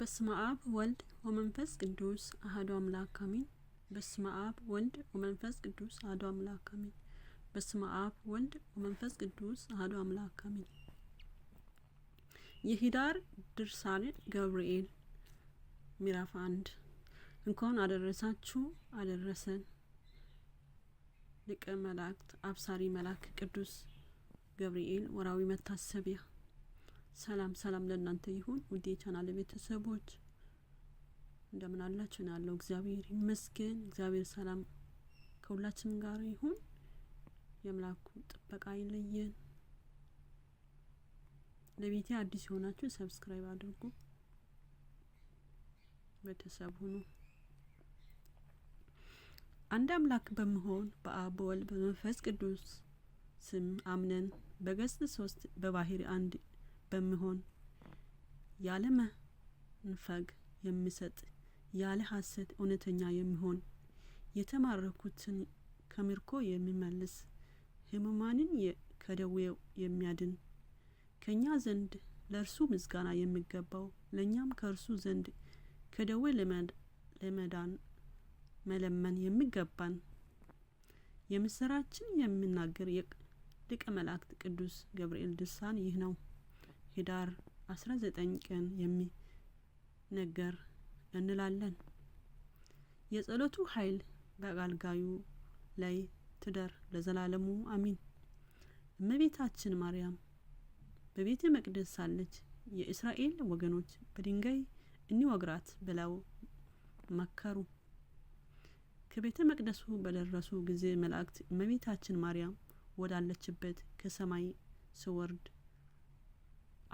በስመ አብ ወልድ ወመንፈስ ቅዱስ አህዶ አምላክ አሜን። በስመ አብ ወልድ ወመንፈስ ቅዱስ አህዶ አምላክ አሜን። በስመ አብ ወልድ ወመንፈስ ቅዱስ አህዶ አምላክ አሜን። የህዳር ድርሳነ ገብርኤል ምዕራፍ አንድ እንኳን አደረሳችሁ አደረሰን። ሊቀ መላእክት አብሳሪ መልአክ ቅዱስ ገብርኤል ወራዊ መታሰቢያ ሰላም ሰላም ለእናንተ ይሁን ውድ የቻናል ቤተሰቦች እንደምን አላችሁ? ያለው እግዚአብሔር ይመስገን። እግዚአብሔር ሰላም ከሁላችን ጋር ይሁን። የአምላኩ ጥበቃ አይለየን። ለቤቴ አዲስ የሆናችሁ ሰብስክራይብ አድርጉ፣ ቤተሰብ ሁኑ። አንድ አምላክ በመሆን በአብ በወልድ በመንፈስ ቅዱስ ስም አምነን በገጽ ሶስት በባህሪ አንድ በመሆን ያለመንፈግ የሚሰጥ ያለ ሀሰት እውነተኛ የሚሆን የተማረኩትን ከምርኮ የሚመልስ ህሙማንን ከደዌው የሚያድን ከእኛ ዘንድ ለእርሱ ምስጋና የሚገባው ለእኛም ከእርሱ ዘንድ ከደዌ ለመዳን መለመን የሚገባን የምስራችን የሚናገር ሊቀ መላእክት ቅዱስ ገብርኤል ድርሳን ይህ ነው። ህዳር 19 ቀን የሚነገር እንላለን። የጸሎቱ ኃይል በአገልጋዩ ላይ ትደር ለዘላለሙ አሚን። እመቤታችን ማርያም በቤተ መቅደስ ሳለች የእስራኤል ወገኖች በድንጋይ እንወግራት ብለው መከሩ። ከቤተ መቅደሱ በደረሱ ጊዜ መላእክት እመቤታችን ማርያም ወዳለችበት ከሰማይ ስወርድ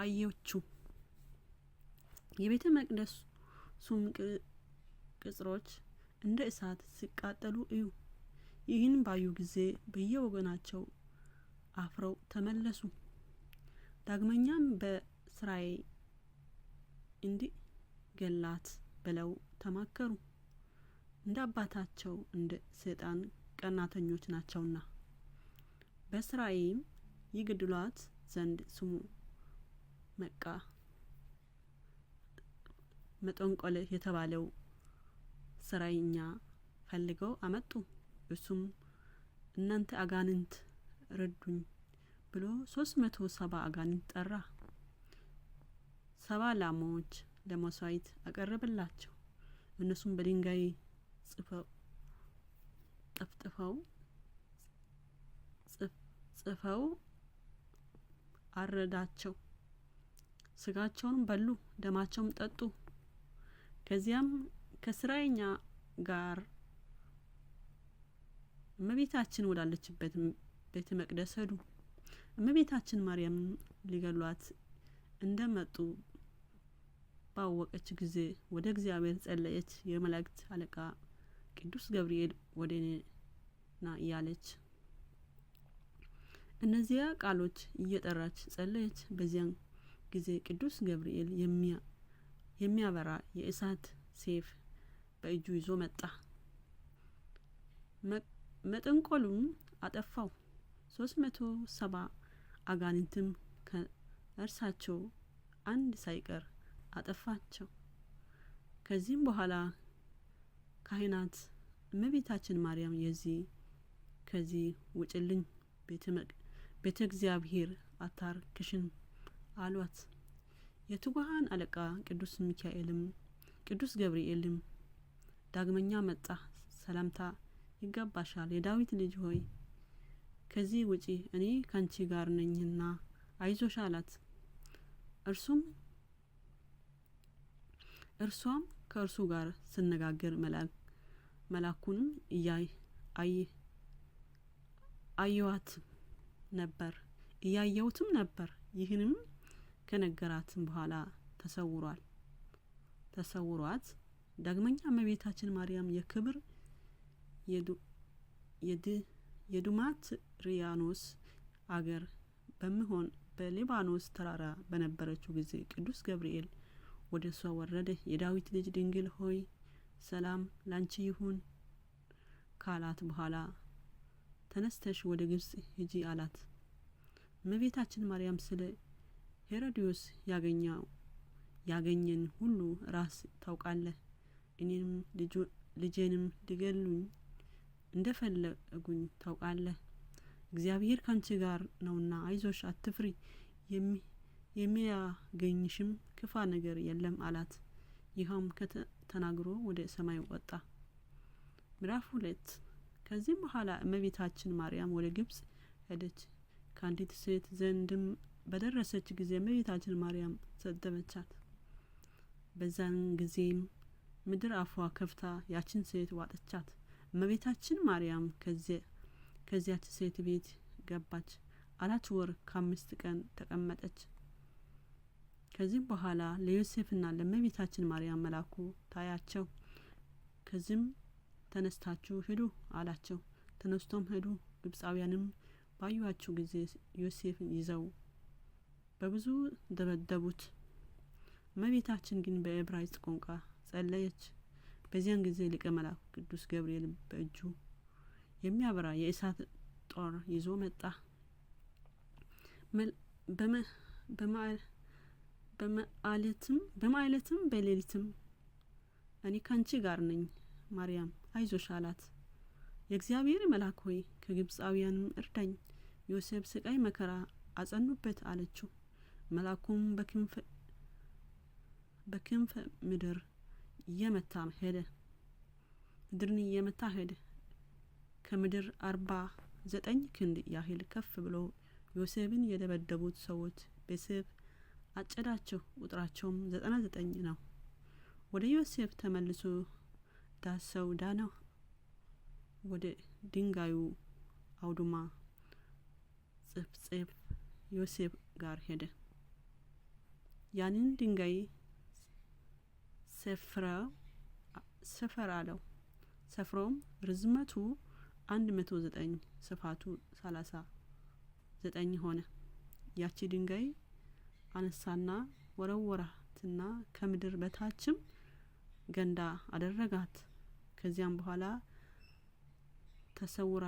አየችው። የቤተ መቅደሱም ቅጽሮች እንደ እሳት ሲቃጠሉ እዩ። ይህን ባዩ ጊዜ በየወገናቸው አፍረው ተመለሱ። ዳግመኛም በስራዬ እንዲህ ገላት ብለው ተማከሩ፣ እንደ አባታቸው እንደ ሰይጣን ቀናተኞች ናቸውና። በስራዬም ይግድሏት ዘንድ ስሙ መቃ መጠንቆል የተባለው ስራይኛ ፈልገው አመጡ። እሱም እናንተ አጋንንት ረዱኝ ብሎ ሶስት መቶ ሰባ አጋንንት ጠራ። ሰባ ላሞች ለመስዋዕት አቀረበላቸው። እነሱም በድንጋይ ጽፈው ጠፍጥፈው ጽፈው አረዳቸው። ስጋቸውንም በሉ፣ ደማቸውም ጠጡ። ከዚያም ከስራኛ ጋር እመቤታችን ወዳለችበት ቤተ መቅደስ ሄዱ። እመቤታችን ማርያም ሊገሏት እንደመጡ ባወቀች ጊዜ ወደ እግዚአብሔር ጸለየች። የመላእክት አለቃ ቅዱስ ገብርኤል ወደ እኔ ና እያለች እነዚያ ቃሎች እየጠራች ጸለየች። በዚያን ጊዜ ቅዱስ ገብርኤል የሚያበራ የእሳት ሴፍ በእጁ ይዞ መጣ። መጠንቆሉም አጠፋው። ሶስት መቶ ሰባ አጋንንትም ከእርሳቸው አንድ ሳይቀር አጠፋቸው። ከዚህም በኋላ ካህናት እመቤታችን ማርያም የዚህ ከዚህ ውጭልኝ ቤተ እግዚአብሔር አታርክሽን አሏት። የትጉሃን አለቃ ቅዱስ ሚካኤልም ቅዱስ ገብርኤልም ዳግመኛ መጣ። ሰላምታ ይገባሻል፣ የዳዊት ልጅ ሆይ ከዚህ ውጪ እኔ ከንቺ ጋር ነኝና አይዞሽ አላት። እርሱም እርሷም ከእርሱ ጋር ስነጋገር መላኩንም እያይ አይ አየዋት ነበር እያየውትም ነበር ይህንም ከነገራትም በኋላ ተሰውሯል ተሰውሯት ዳግመኛ እመቤታችን ማርያም የክብር የዱማት ሪያኖስ አገር በሚሆን በሊባኖስ ተራራ በነበረችው ጊዜ ቅዱስ ገብርኤል ወደ እሷ ወረደ። የዳዊት ልጅ ድንግል ሆይ ሰላም ላንቺ ይሁን ካላት በኋላ ተነስተሽ ወደ ግብጽ ሂጂ አላት። እመቤታችን ማርያም ስለ ሄሮድዮስ ያገኘው ያገኘን ሁሉ ራስ ታውቃለህ። እኔንም ልጄንም ሊገሉኝ እንደ ፈለጉኝ ታውቃለህ። እግዚአብሔር ካንቺ ጋር ነውና አይዞሽ፣ አትፍሪ፣ የሚያገኝሽም ክፋ ነገር የለም አላት። ይኸውም ተናግሮ ወደ ሰማይ ወጣ። ምዕራፍ ሁለት ከዚህም በኋላ እመቤታችን ማርያም ወደ ግብጽ ሄደች ከአንዲት ሴት ዘንድም በደረሰች ጊዜ እመቤታችን ማርያም ሰደበቻት። በዛን ጊዜም ምድር አፏ ከፍታ ያችን ሴት ዋጠቻት። እመቤታችን ማርያም ከዚያች ሴት ቤት ገባች። አራት ወር ከአምስት ቀን ተቀመጠች። ከዚህም በኋላ ለዮሴፍና ለእመቤታችን ማርያም መላኩ ታያቸው። ከዚህም ተነስታችሁ ሂዱ አላቸው። ተነስቶም ሄዱ። ግብፃውያንም ባዩዋችሁ ጊዜ ዮሴፍን ይዘው በብዙ ደበደቡት። እመቤታችን ግን በዕብራይስጥ ቋንቋ ጸለየች። በዚያን ጊዜ ሊቀ መላእክት ቅዱስ ገብርኤል በእጁ የሚያበራ የእሳት ጦር ይዞ መጣ። በማለትም በማለትም በሌሊትም እኔ ካንቺ ጋር ነኝ፣ ማርያም አይዞሽ አላት። የእግዚአብሔር መልአክ ሆይ ከግብፃውያንም እርዳኝ፣ ዮሴፍ ስቃይ መከራ አጸኑበት አለችው። መልአኩም በክንፍ ምድር እየመታ ሄደ ምድርን እየመታ ሄደ ከምድር አርባ ዘጠኝ ክንድ ያህል ከፍ ብሎ ዮሴፍን የደበደቡት ሰዎች በሴፍ አጨዳቸው ቁጥራቸውም ዘጠና ዘጠኝ ነው ወደ ዮሴፍ ተመልሶ ዳሰው ዳነው ወደ ድንጋዩ አውዱማ ጽፍጽፍ ዮሴፍ ጋር ሄደ ያንን ድንጋይ ሰፈር አለው። ሰፍሮም ርዝመቱ አንድ መቶ ዘጠኝ ስፋቱ ሰላሳ ዘጠኝ ሆነ። ያቺ ድንጋይ አነሳና ወረወራትና ከምድር በታችም ገንዳ አደረጋት። ከዚያም በኋላ ተሰውራ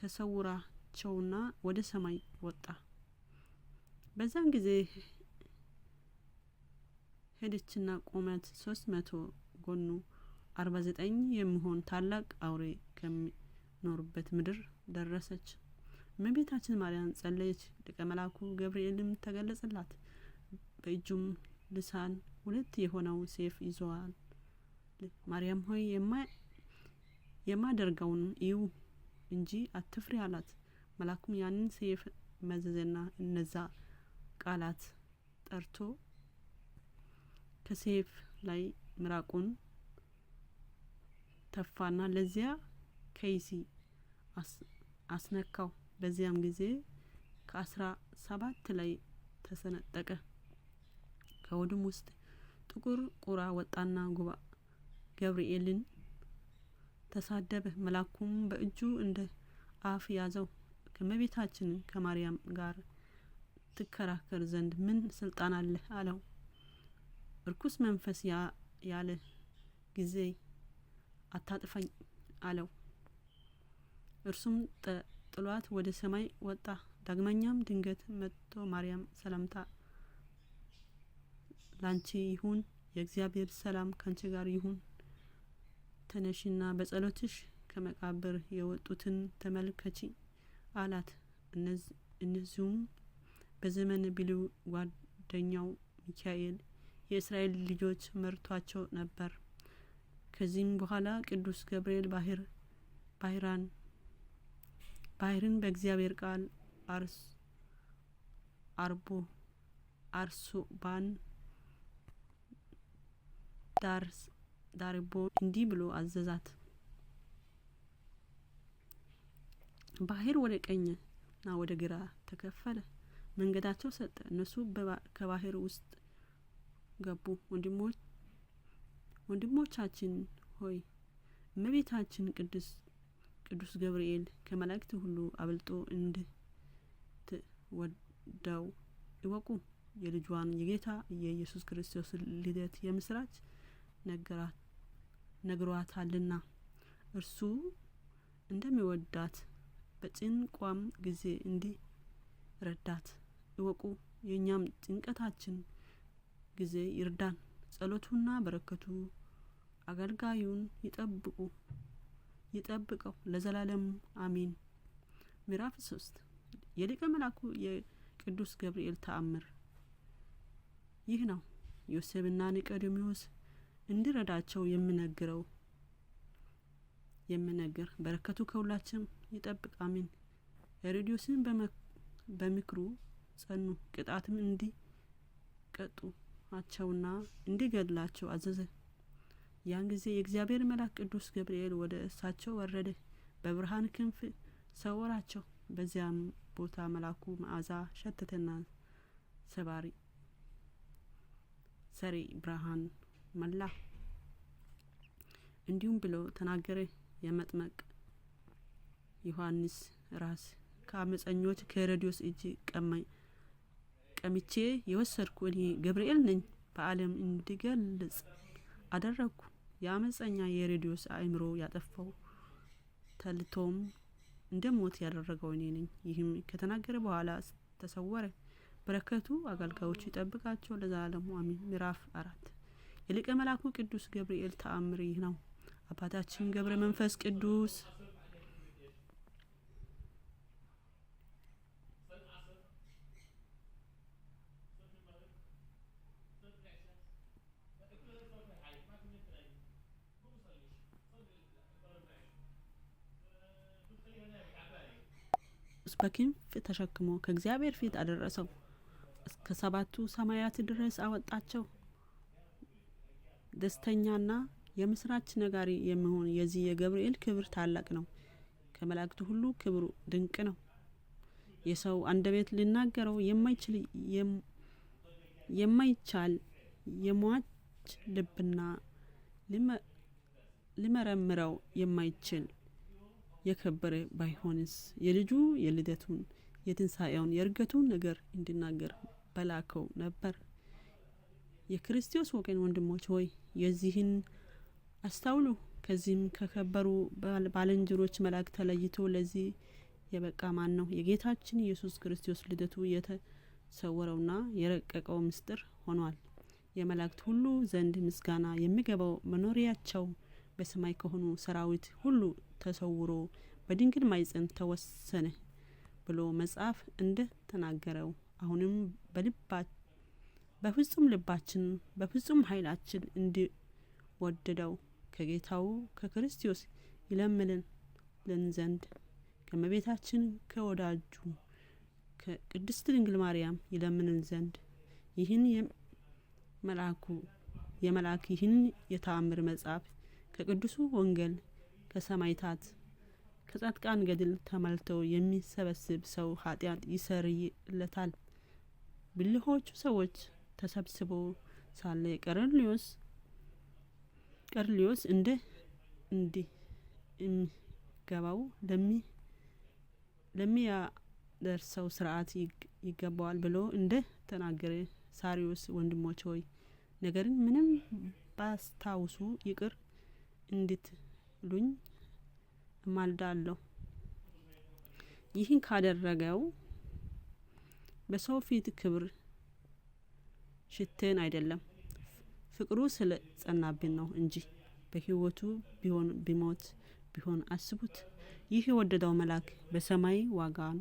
ተሰውራቸውና ወደ ሰማይ ወጣ። በዛን ጊዜ ሄደችና ቁመት ሶስት መቶ ጎኑ አርባ ዘጠኝ የሚሆን ታላቅ አውሬ ከሚኖሩበት ምድር ደረሰች። እመቤታችን ማርያም ጸለየች። ደቀ መላኩ ገብርኤልም ተገለጸላት። በእጁም ልሳን ሁለት የሆነው ሴፍ ይዘዋል። ማርያም ሆይ የማደርገውን እዩ እንጂ አትፍሪ አላት። መላኩም ያንን ሴፍ መዘዘና እነዛ ቃላት ጠርቶ ከሴፍ ላይ ምራቁን ተፋና ለዚያ ከይሲ አስነካው። በዚያም ጊዜ ከአስራ ሰባት ላይ ተሰነጠቀ። ከወድም ውስጥ ጥቁር ቁራ ወጣና ጉባ ገብርኤልን ተሳደበ። መልአኩም በእጁ እንደ አፍ ያዘው። ከእመቤታችን ከማርያም ጋር ትከራከር ዘንድ ምን ስልጣን አለህ አለው እርኩስ መንፈስ ያለ ጊዜ አታጥፈኝ አለው እርሱም ጥሏት ወደ ሰማይ ወጣ ዳግመኛም ድንገት መጥቶ ማርያም ሰላምታ ላንቺ ይሁን የእግዚአብሔር ሰላም ካንቺ ጋር ይሁን ተነሽና በጸሎትሽ ከመቃብር የወጡትን ተመልከቺ አላት እነዚሁም በዘመነ ቢሉ ጓደኛው ሚካኤል የእስራኤል ልጆች መርቷቸው ነበር ከዚህም በኋላ ቅዱስ ገብርኤል ባህር ባህራን ባህርን በእግዚአብሔር ቃል አርስ አርቦ አርሱባን ዳርስ ዳርቦ እንዲህ ብሎ አዘዛት ባህር ወደ ቀኝና ወደ ግራ ተከፈለ መንገዳቸው ሰጠ። እነሱ ከባህር ውስጥ ገቡ። ወንድሞቻችን ሆይ እመቤታችን ቅዱስ ቅዱስ ገብርኤል ከመላእክት ሁሉ አብልጦ እንድትወደው ይወቁ። የልጇን የጌታ የኢየሱስ ክርስቶስ ልደት የምስራች ነግሯታልና እርሱ እንደሚወዳት በጭንቋም ጊዜ እንዲረዳት ይወቁ። የእኛም ጭንቀታችን ጊዜ ይርዳን። ጸሎቱና በረከቱ አገልጋዩን ይጠብቁ ይጠብቀው ለዘላለም አሚን። ምዕራፍ ሶስት የሊቀ መላኩ የቅዱስ ገብርኤል ተአምር ይህ ነው። ዮሴፍና ኒቆዲሞስ እንዲረዳቸው የምነግረው የምነግር በረከቱ ከሁላችን ይጠብቅ አሚን። ሄሮድዮስን በምክሩ ጸኑ፣ ቅጣትም እንዲቀጡአቸውና እንዲገድላቸው አዘዘ። ያን ጊዜ የእግዚአብሔር መልአክ ቅዱስ ገብርኤል ወደ እሳቸው ወረደ፣ በብርሃን ክንፍ ሰወራቸው። በዚያም ቦታ መልአኩ መዓዛ ሸተተና ሰባሪ ሰሪ ብርሃን መላ። እንዲሁም ብሎ ተናገረ። የመጥመቅ ዮሐንስ ራስ ከአመፀኞች ከሄሮድዮስ እጅ ቀማኝ ቀምቼ የወሰድኩ እኔ ገብርኤል ነኝ በዓለም እንዲገልጽ አደረግኩ። የአመፀኛ የሬዲዮስ አእምሮ ያጠፋው ተልቶም እንደ ሞት ያደረገው እኔ ነኝ። ይህም ከተናገረ በኋላ ተሰወረ። በረከቱ አገልጋዮቹ ይጠብቃቸው ለዘላለሙ አሚን። ምዕራፍ አራት የሊቀ መልአኩ ቅዱስ ገብርኤል ተአምር ይህ ነው። አባታችን ገብረ መንፈስ ቅዱስ በክንፍ ተሸክሞ ከእግዚአብሔር ፊት አደረሰው። እስከ ሰባቱ ሰማያት ድረስ አወጣቸው። ደስተኛና የምስራች ነጋሪ የሚሆን የዚህ የገብርኤል ክብር ታላቅ ነው። ከመላእክቱ ሁሉ ክብሩ ድንቅ ነው። የሰው አንደበት ሊናገረው የማይችል የማይቻል የሟች ልብና ሊመረምረው የማይችል የከበረ ባይሆንስ የልጁ የልደቱን የትንሣኤውን የእርገቱን ነገር እንድናገር በላከው ነበር። የክርስቶስ ወገን ወንድሞች ሆይ የዚህን አስታውሉ። ከዚህም ከከበሩ ባልንጀሮች መልአክ ተለይቶ ለዚህ የበቃ ማን ነው? የጌታችን ኢየሱስ ክርስቶስ ልደቱ የተሰወረውና የረቀቀው ምስጢር ሆኗል። የመላእክት ሁሉ ዘንድ ምስጋና የሚገባው መኖሪያቸው በሰማይ ከሆኑ ሰራዊት ሁሉ ተሰውሮ በድንግል ማይፀን ተወሰነ ብሎ መጽሐፍ እንደ ተናገረው አሁንም በልባ በፍጹም ልባችን በፍጹም ኃይላችን እንዲወደደው ከጌታው ከክርስቶስ ይለምልን ልን ዘንድ ከመቤታችን ከወዳጁ ከቅድስት ድንግል ማርያም ይለምንን ዘንድ ይህን የመላኩ የመልአክ ይህን የተአምር መጽሐፍ ከቅዱሱ ወንጌል ከሰማይታት ከጻድቃን ገድል ተመልቶ የሚሰበስብ ሰው ኃጢአት ይሰርይለታል። ብልሆቹ ሰዎች ተሰብስቦ ሳለ ቀርሊዮስ ቀርሊዮስ እንደ እንዲህ የሚገባው ለሚ ለሚያደርሰው ስርዓት ይገባዋል ብሎ እንደ ተናገረ ሳሪዮስ ወንድሞች ሆይ ነገርን ምንም ባስታውሱ ይቅር እንድት እንዲያሉኝ እማልዳለሁ። ይህን ካደረገው በሰው ፊት ክብር ሽትን አይደለም ፍቅሩ ስለ ጸናብን ነው እንጂ በህይወቱ ቢሆን ቢሞት ቢሆን አስቡት ይህ የወደደው መልአክ በሰማይ ዋጋን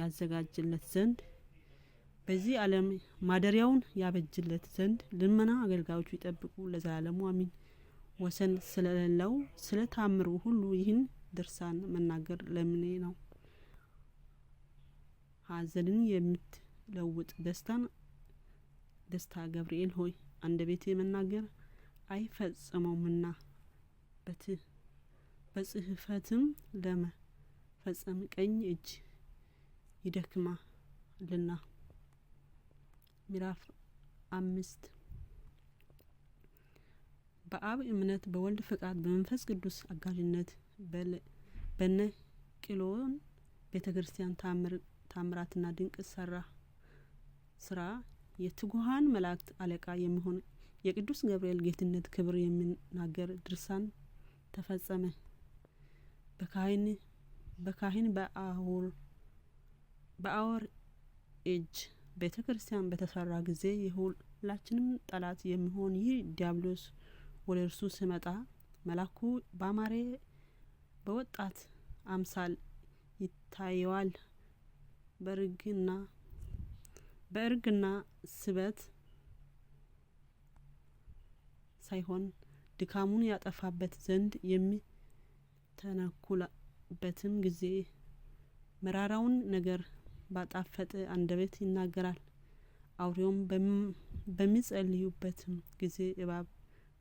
ያዘጋጅለት ዘንድ በዚህ ዓለም ማደሪያውን ያበጅለት ዘንድ ልመና አገልጋዮቹ ይጠብቁ ለዘላለሙ አሚን ወሰን ስለሌለው ስለ ታምሩ ሁሉ ይህን ድርሳን መናገር ለምኔ ነው። ሐዘንን የምትለውጥ ደስታን ደስታ ገብርኤል ሆይ አንድ ቤቴ መናገር አይፈጽመውምና በጽህፈትም ለመፈጸም ቀኝ እጅ ይደክማልና። ምዕራፍ አምስት በአብ እምነት በወልድ ፍቃድ በመንፈስ ቅዱስ አጋዥነት በነ ቂሎን ቤተ ክርስቲያን ታምራትና ድንቅ ሰራ ስራ የትጉሀን መላእክት አለቃ የሚሆን የቅዱስ ገብርኤል ጌትነት ክብር የሚናገር ድርሳን ተፈጸመ። በካህን በካህን በአሁር በአወር እጅ ቤተ ክርስቲያን በተሰራ ጊዜ የሁላችንም ጠላት የሚሆን ይህ ዲያብሎስ ወደ እርሱ ስመጣ መልአኩ በአማሬ በወጣት አምሳል ይታየዋል። በርግና በእርግና ስበት ሳይሆን ድካሙን ያጠፋበት ዘንድ የሚተነኩላበትም ጊዜ መራራውን ነገር ባጣፈጠ አንደበት ይናገራል። አውሬውም በሚጸልዩበትም ጊዜ እባብ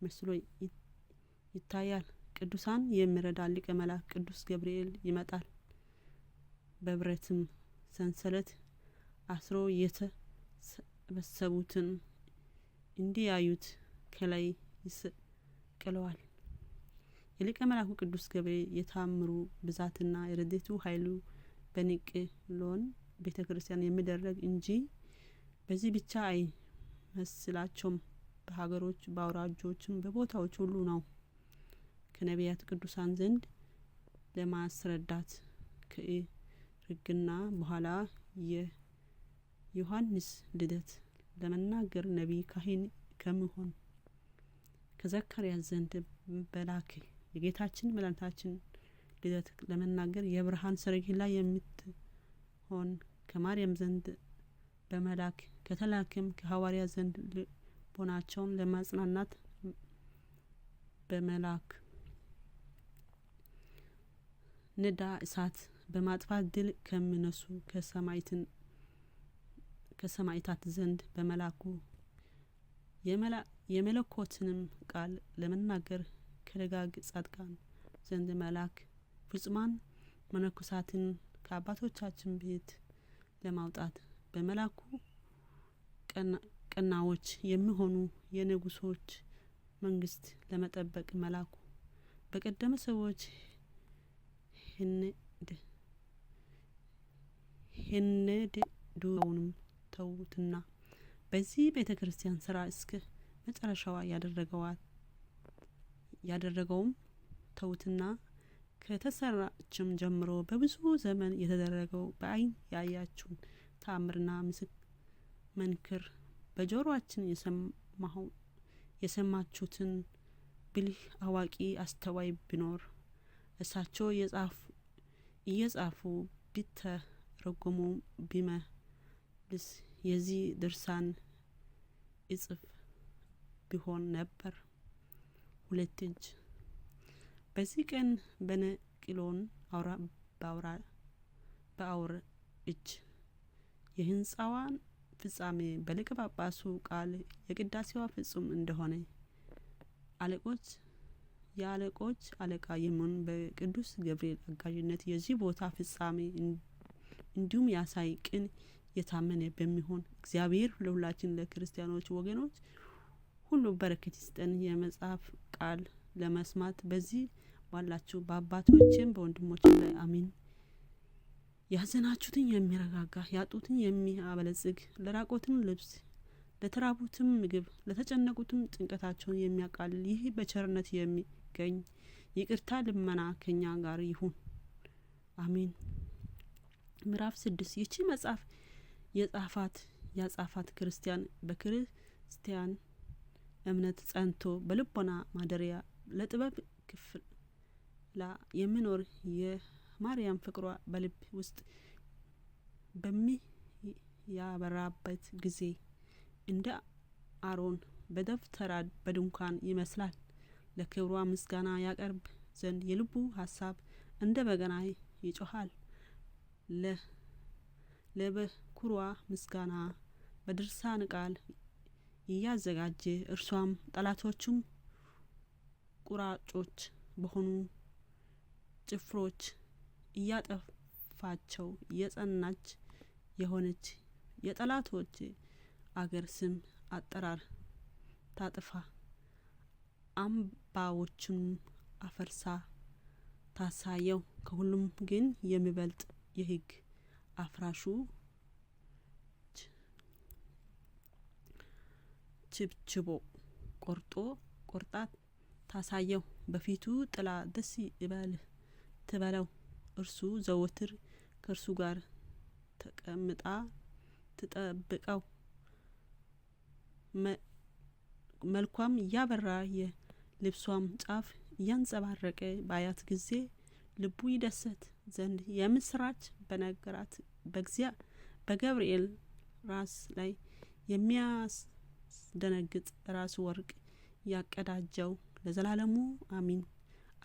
መስሎ ይታያል። ቅዱሳን የሚረዳ ሊቀ መላእክት ቅዱስ ገብርኤል ይመጣል። በብረትም ሰንሰለት አስሮ የተሰበሰቡትን እንዲያዩት ከላይ ይሰቅለዋል። የሊቀ መላኩ ቅዱስ ገብርኤል የታምሩ ብዛትና የረድኤቱ ኃይሉ በኒቅሎን ቤተ ክርስቲያን የሚደረግ እንጂ በዚህ ብቻ አይመስላቸውም። በሀገሮች በአውራጆችም በቦታዎች ሁሉ ነው ከነቢያት ቅዱሳን ዘንድ ለማስረዳት ከርግና በኋላ የዮሐንስ ልደት ለመናገር ነቢይ ካህን ከምሆን ከዘካርያስ ዘንድ በላክ የጌታችን መድኃኒታችን ልደት ለመናገር የብርሃን ሰረገላ የምትሆን ከማርያም ዘንድ በመላክ ከተላክም ከሐዋርያ ዘንድ ልቦናቸውን ለማጽናናት በመላክ ንዳ እሳት በማጥፋት ድል ከሚነሱ ከሰማይትን ከሰማይታት ዘንድ በመላኩ የመለኮትንም ቃል ለመናገር ከደጋግ ጻድቃን ዘንድ መላክ ፍጹማን መነኮሳትን ከአባቶቻችን ቤት ለማውጣት በመላኩ ቀና ቀናዎች የሚሆኑ የንጉሶች መንግስት ለመጠበቅ መላኩ በቀደመ ሰዎች ሄነድ ዱውንም ተውትና በዚህ ቤተ ክርስቲያን ስራ እስከ መጨረሻዋ ያደረገዋል ያደረገውም ተውትና ከተሰራችም ጀምሮ በብዙ ዘመን የተደረገው በአይን ያያችሁን ተአምርና ምስክ መንክር በጆሮአችን የሰማችሁትን ብልህ አዋቂ አስተዋይ ቢኖር እሳቸው እየጻፉ ቢተረጎሙ ቢመልስ የዚህ ድርሳን እጽፍ ቢሆን ነበር። ሁለት እጅ በዚህ ቀን በነቂሎን አውራ በአውራ በአውር እጅ የህንፃዋን ፍጻሜ በሊቀ ጳጳሱ ቃል የቅዳሴዋ ፍጹም እንደሆነ አለቆች የአለቆች አለቃ የመሆን በቅዱስ ገብርኤል አጋዥነት የዚህ ቦታ ፍጻሜ እንዲሁም ያሳይ ቅን የታመነ በሚሆን እግዚአብሔር ለሁላችን ለክርስቲያኖች ወገኖች ሁሉ በረከት ይስጠን። የመጽሐፍ ቃል ለመስማት በዚህ ባላችሁ በአባቶችም በወንድሞችም ላይ አሚን። ያዘናችሁትን የሚረጋጋ ያጡትን የሚያበለጽግ ለራቆትም ልብስ ለተራቡትም ምግብ ለተጨነቁትም ጭንቀታቸውን የሚያቃልል ይህ በቸርነት የሚገኝ ይቅርታ ልመና ከኛ ጋር ይሁን አሜን። ምዕራፍ ስድስት ይቺ መጽሐፍ የጻፋት ያጻፋት ክርስቲያን በክርስቲያን እምነት ጸንቶ በልቦና ማደሪያ ለጥበብ ክፍላ የሚኖር የ ማርያም ፍቅሯ በልብ ውስጥ በሚያበራበት ጊዜ እንደ አሮን በደብተራ በድንኳን ይመስላል። ለክብሯ ምስጋና ያቀርብ ዘንድ የልቡ ሀሳብ እንደ በገና ይጮሃል። ለበኩሯ ምስጋና በድርሳን ቃል እያዘጋጀ እርሷም ጠላቶቹም ቁራጮች በሆኑ ጭፍሮች እያጠፋቸው የጸናች የሆነች የጠላቶች አገር ስም አጠራር ታጥፋ አምባዎቹን አፈርሳ ታሳየው። ከሁሉም ግን የሚበልጥ የህግ አፍራሹ ችብችቦ ቆርጦ ቆርጣት ታሳየው። በፊቱ ጥላ ደስ ይበል ትበለው እርሱ ዘወትር ከእርሱ ጋር ተቀምጣ ትጠብቀው መልኳም እያበራ የልብሷም ጫፍ እያንጸባረቀ ባያት ጊዜ ልቡ ይደሰት ዘንድ የምስራች በነገራት በግዚያ በገብርኤል ራስ ላይ የሚያስደነግጥ ራስ ወርቅ ያቀዳጀው ለዘላለሙ አሚን።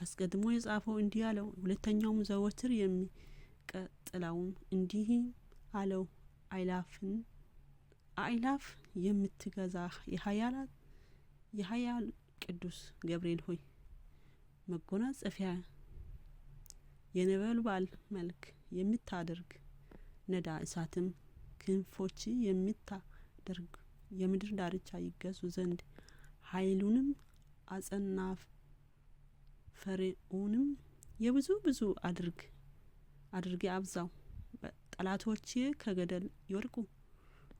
አስቀድሞ የጻፈው እንዲህ አለው። ሁለተኛውም ዘወትር የሚቀጥለውም እንዲህ አለው። አይላፍን አይላፍ የምትገዛ የሀያላት የሀያል ቅዱስ ገብርኤል ሆይ መጎናጸፊያ የነበልባል መልክ የምታደርግ ነዳ እሳትም ክንፎች የምታደርግ የምድር ዳርቻ ይገዙ ዘንድ ኃይሉንም አጸናፍ ፈርዖንም የብዙ ብዙ አድርግ አድርጌ አብዛው ጠላቶች ከገደል ይወድቁ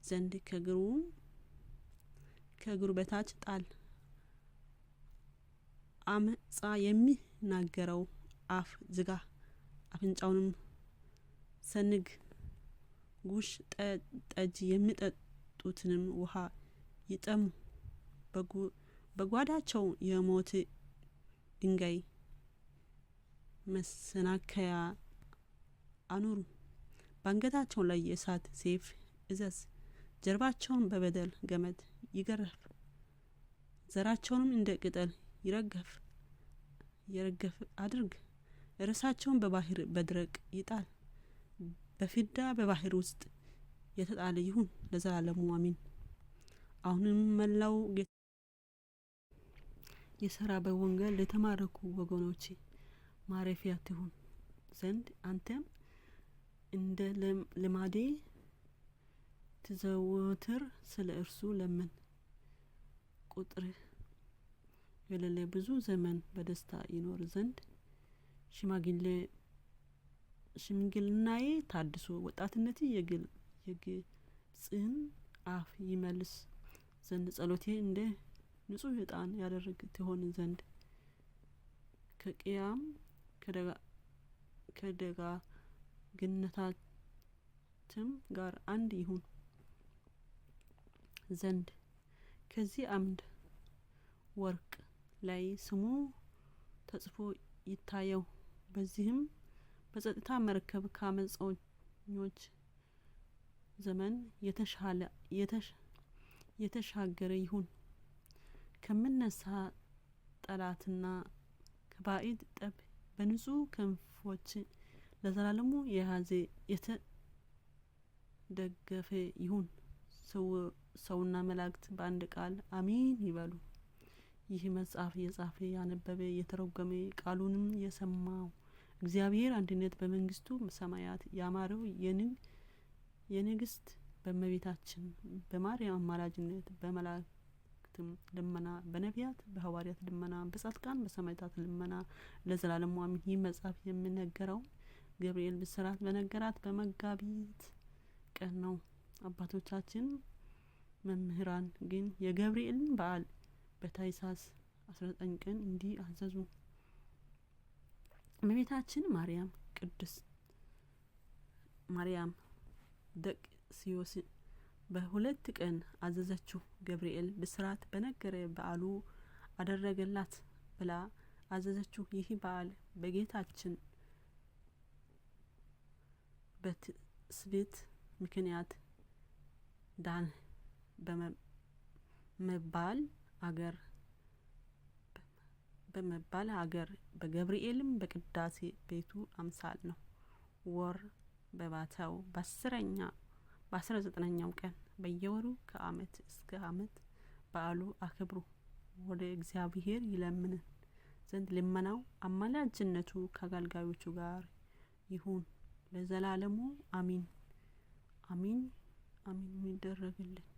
ዘንድ ከእግሩ ከእግሩ በታች ጣል። አመጻ የሚናገረው አፍ ዝጋ፣ አፍንጫውንም ሰንግ። ጉሽ ጠጅ የሚጠጡትንም ውሃ ይጠሙ፣ በጓዳቸው የሞት ድንጋይ መሰናከያ አኖሩ። በአንገታቸው ላይ የእሳት ሴፍ እዘዝ፣ ጀርባቸውን በበደል ገመድ ይገረፍ፣ ዘራቸውንም እንደ ቅጠል ይረገፍ የረገፍ አድርግ። ርዕሳቸውን በባህር በድረቅ ይጣል፣ በፊዳ በባህር ውስጥ የተጣለ ይሁን ለዘላለሙ አሚን። አሁንም መላው የሰራ በወንጌል ለተማረኩ ወገኖቼ ማረፊያ ትሁን ዘንድ አንተም እንደ ልማዴ ትዘወትር ስለ እርሱ ለምን። ቁጥር የሌለ ብዙ ዘመን በደስታ ይኖር ዘንድ ሽማግሌ ሽምግልናዬ ታድሶ ወጣትነት የግል የግብጽን አፍ ይመልስ ዘንድ ጸሎቴ እንደ ንጹህ እጣን ያደርግ ትሆን ዘንድ ከቅያም ከደጋግነታትም ጋር አንድ ይሁን ዘንድ ከዚህ አምድ ወርቅ ላይ ስሙ ተጽፎ ይታየው። በዚህም በጸጥታ መርከብ ከአመፀኞች ዘመን የተሻለ የተሻገረ ይሁን ከምነሳ ጠላትና ከባዕድ ጠብ በንጹህ ክንፎች ለዘላለሙ የያዜ የተደገፈ ይሁን። ሰውና መላእክት በአንድ ቃል አሚን ይበሉ። ይህ መጽሐፍ የጻፈ ያነበበ፣ የተረጎመ ቃሉንም የሰማው እግዚአብሔር አንድነት በመንግስቱ ሰማያት ያማረው የንግስት በእመቤታችን በማርያም አማላጅነት በመላእክት በመላእክትም ልመና በነቢያት በሐዋርያት ልመና በጻድቃን በሰማዕታት ልመና ለዘላለም አሜን። ይህ መጽሐፍ የሚነገረው ገብርኤል ብስራት በነገራት በመጋቢት ቀን ነው። አባቶቻችን መምህራን ግን የገብርኤልን በዓል በታይሳስ አስራ ዘጠኝ ቀን እንዲህ አዘዙ። እመቤታችን ማርያም ቅድስት ማርያም ደቅ ሲዮስ በሁለት ቀን አዘዘችው። ገብርኤል ብስራት በነገረ በዓሉ አደረገላት ብላ አዘዘችው። ይህ በዓል በጌታችን በትስቤት ምክንያት ዳን በመባል አገር በመባል ሀገር በገብርኤልም በቅዳሴ ቤቱ አምሳል ነው። ወር በባተው በአስረኛ በአስራ ዘጠነኛው ቀን በየወሩ ከአመት እስከ አመት በዓሉ አክብሩ ወደ እግዚአብሔር ይለምን! ዘንድ ልመናው አማላጅነቱ ከአገልጋዮቹ ጋር ይሁን ለዘላለሙ አሚን አሚን አሚን የሚደረግልን